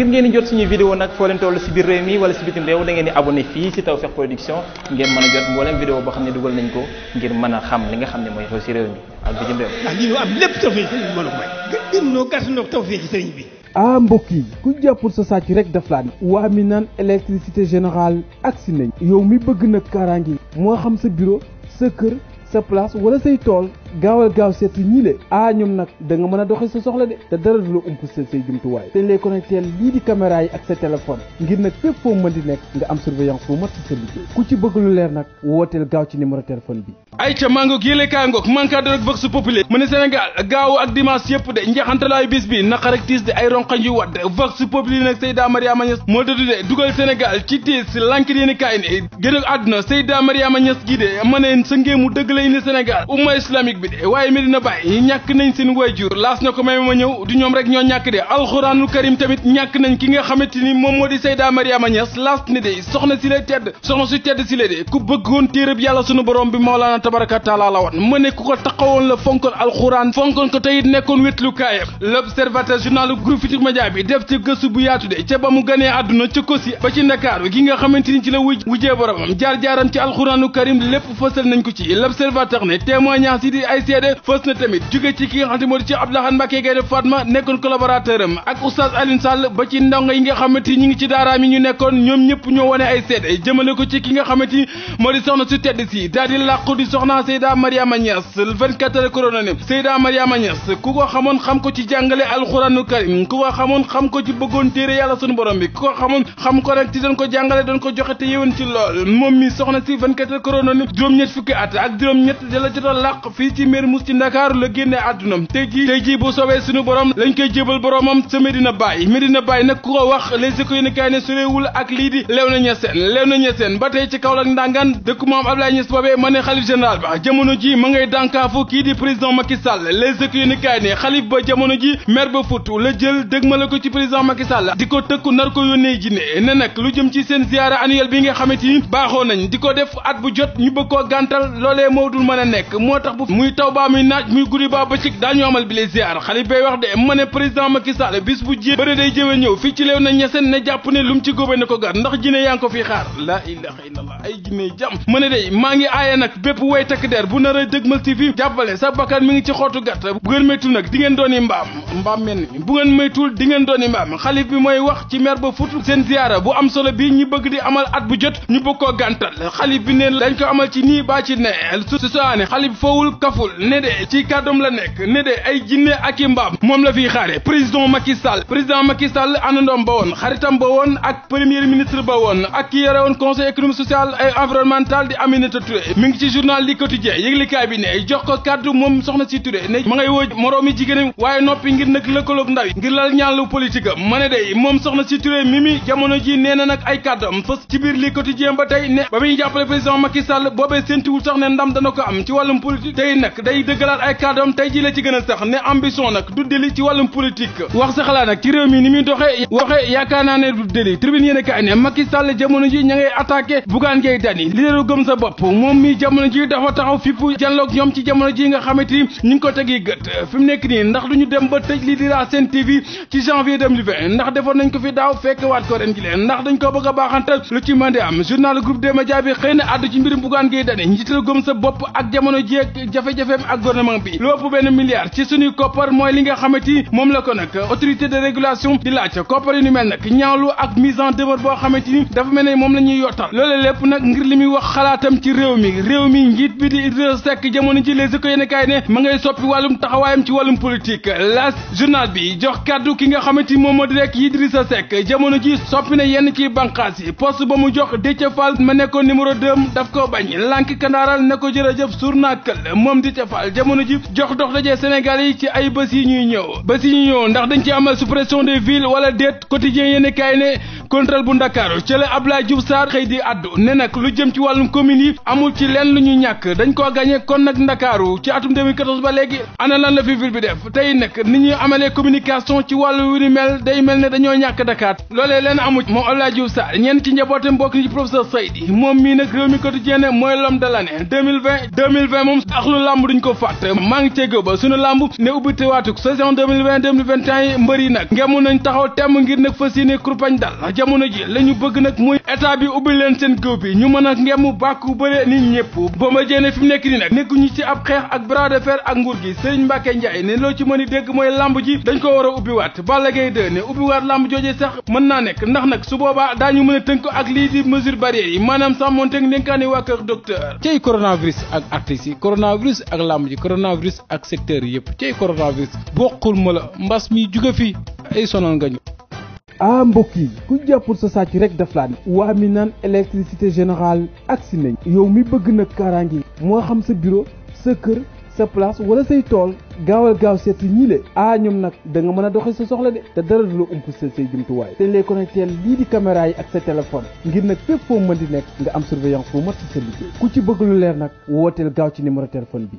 ngir ngeen di jot suñuy vidéo nag foo leen toll si biir réew mi wala si bitim réew da ngeen di abonné fii si Tawfekh Production ngeen mën a jot mboolem vidéo a xam li nga xam ne mooy xew si réew mi ak bitim réew. ndax lii ñu am lépp tawfeex ci sëriñ bi mën a mbokk yi ku jàppul sa sàcc rek daf laa ne. waa mi naan électricité générale agsi nañ. yow mi bëgg na kaaraange yi. moo xam sa bureau sa kër sa place wala say tool gaawal gaaw seetu ñii le ah ñoom nag da nga mën a doxee sa soxla de te dara du la ump sa say jumtuwaay dañ lay connecté lii di caméra yi ak sa téléphone ngir nag fépp foo mën di nekk nga am surveillance bu mat si sa liggéey ku ci bëgg lu leer nag wooteel gaaw ci numéro téléphone bi ay ca mangook yële kaangook mankaador ak vox populi mu ne Sénégal gaaw ak dimanche yëpp de njeexantalaayu bis bi naqar ak tiis ay ronqañ yu wadd vox populi nag Seyda Mariama Niass moo dëddu de dugal Sénégal ci tiis lanket yéen i kaay ne gën ak àdduna Seyda Mariama Niass gi de ma sa ngéemu dëgg lay ni Sénégal umma islamique bi de waaye Medina Baye ñàkk nañ seen waajur laas na ko may ma ñëw du ñoom rek ñoo ñàkk de alxuraanul karim ki nga xamante ni ni de soxna si lay tedd soxna su tedd bi tabaraka taala la woon ma ne ku ko taxawoon la fonkoon alxuraan fonkoon ko teyit nekkoon wétlukaayam l'observateur journal groupe Futurs Médias bi def ci gëstu bu yaatu de ca ba mu ganee àdduna ca kosi ba ci ndakaaru gi nga xamante ci la wujjee boromam jaar-jaaram ci alxuraanu karim lépp fësal nañ ko ci l'observateur ne témoignage yi di ay seede fës na tamit jóge ci ki nga xamante moo di ci Abdoulaye Mbacké Gaye de Fatma nekkoon collaborateur ak oustaz Alioune soxna Seyda Mariama Niass 24 heures Corona ne Seyda Mariama Niass ku ko xamoon xam ko ci jàngale alxuraanul karim ku ko xamoon xam ko ci bëggoon téere yàlla sunu borom bi ku ko xamoon xam ko nag ci doon ko jàngale doon ko joxe te yéwoon ci lool moom mi soxna si 24 heures Corona juróom-ñett fukki at ak juróom-ñett dala jota làq fii ci Mermoz ci Ndakaaru la génne àdduna tey jii bu soobee sunu borom lañ koy jébal boromam sa Medina Baye Medina Baye nag ku ko wax les écoles yi ne kaay ba tey ci Kaolack ndangaan dëkk moom Abdoulaye Niass boobee ma ne général jamono ji ma ngay dànkaafu kii di président Macky Sall les écu ni kaay ne xalif ba jamono ji maire ba futu la jël dëgmale ko ci président Macky Sall di ko tëkku nar ko yónnee ji ne nag lu jëm ci seen ziara annuelle bi nga xamante ni baaxoo nañ di ko def at bu jot ñu bëgg koo gàntal loolee moo dul mën a nekk moo tax bu muy taw baa muy naaj muy guddi baa bëccëg daañu amal bi les ziar xalif bay wax de ma ne président Macky Sall bis bu jé bëri day jëwe way takk der bu nar a dëgmal TV jàppale sa bakkan mi ngi ci xottu gàtt bu gën méttu nag di ngeen doon yi mbaam mbàmmeel mi bu ngeen moytuwul di ngeen doon imaam xalif bi mooy wax ci mer ba fut seen ziyaara bu am solo bi ñi bëgg di amal at bu jot ñu bëgg koo gàntal xalif bi ne dañ ko amal ci nii baa ci ne su saane xalif foowul kaful ne de ci kàddoom la nekk ne de ay jinne ak i mbaam moom la fiy xaare président Macky Sall président Macky Sall àndandoom ba woon xaritam ba woon ak premier ministre ba woon ak ki yore woon conseil économique social et environnemental di Aminata ngi ci journal li quotidien yëglikaay bi ne jox ko kàddu moom soxna si Touré ngir nag lëkkaloog ndaw yi ngir lal ñaalu politique a ma ne day moom soxna si Touré jamono ji nee na nag ay kàddam ci biir li quotidien ba tey ne ko am ci wàllum politique tey nag day dëggalaat ay kàddam tey ji la ci gën a sax du deli ci wàllum politique mi ni muy doxee du deli tribune yéen a kaay ne Macky Sall jamono ji ña ngay attaqué mi jamono ji dafa taxaw ñu ngi ko tegi gët nekk tëj lii di Sen TV ci janvier 2020 ndax defoon nañ ko fi daaw fekk waat ko ren ji leen ndax dañ ko bëgg a baaxantal lu ci mën am journal groupe des médias bi xëy na àddu ci mbirum Bougane Gueye Dany njiital gëm sa bopp ak jamono ji jafe-jafeem ak gouvernement bi lu ëpp benn milliard ci suñuy koppar mooy li nga xamante moom la ko nag autorité de régulation di laaj koppar yu ni mel nag ñaawlu ak mise en boo xamante ni dafa mel ne moom la ñuy yottal l lépp nag li muy wax xalaatam ci réew mi réew mi njiit bi di Idrissa jamono ji les éco yéen kaay ne ma ngay soppi wàllum taxawaayam ci journal bi jox kàddu ki nga xamante ni moom moo di rek Idrissa Seck jamono ji soppi na yenn ci banqaas yi poste ba mu jox Déthié Fall ma ko numéro 2 daf ko bañ lànk kandaaral ne ko jërëjëf surnakël moom Déthié Fall jamono ji jox dox dajee Sénégal yi ci ay bés yi ñuy ñëw bés yi ñuy ñëw ndax dañ ci amal suppression de villes wala déet quotidien yéen kaay ne contrôle bu Ndakaaru ci la Abdoulaye Diouf Sarr xëy di addu ne nag lu jëm ci wàllum commune yi amul ci lenn lu ñu ñàkk dañ koo gagné kon nag Ndakaaru ci atum 2014 ba léegi ana lan la fi ñu amalee communication ci wàllu wi ni mel day mel ne dañoo ñàkk Dakar loolee leen yi mbër yi nag ngemu nañ taxaw temm ngir nag fas kurpañ dal jamono ji la ñu bëgg nag muy état bi ubbi leen seen gëw bi ñu mën a ngemu bàkku bëre nit ñëpp Bombardier ne fi mu nekk nii nag nekkuñu ci ab xeex ak bras fer ak nguur gi Serigne Mbacke Ndiaye ne loo ci mën dégg mooy lamb ji dañ ko war a ubbiwaat Balla Gaye 2 ne ubbiwaat lamb joojee sax mën naa nekk ndax nag su boobaa daañu mën a tënk ak lii di mesure barrière yi maanaam te sàmmonteeg ndénkaane waa kër docteur cey coronavirus ak artistes yi coronavirus ak lamb ji coronavirus ak secteur yi yëpp cey coronavirus bokkul ma la mbas mi jóge fi ay sonal nga ñu ah mbokk yi ku jàppul sa sàcc rek daf laa ne waa mi naan électricité générale agsi nañ yow mi bëgg nag kaaraange moo xam sa bureau sa kër sa place wala say tool gaawal gaaw seet si ñii le ah ñoom nag da nga mën a doxee sa soxla de te dara du la ump sa say jumtuwaay te ñu lay connecté lii di caméra yi ak sa téléphone ngir nag fépp foo mën di nekk nga am surveillance bu si sa liggéey ku ci bëgg leer nag wooteel gaaw ci numéro téléphone bi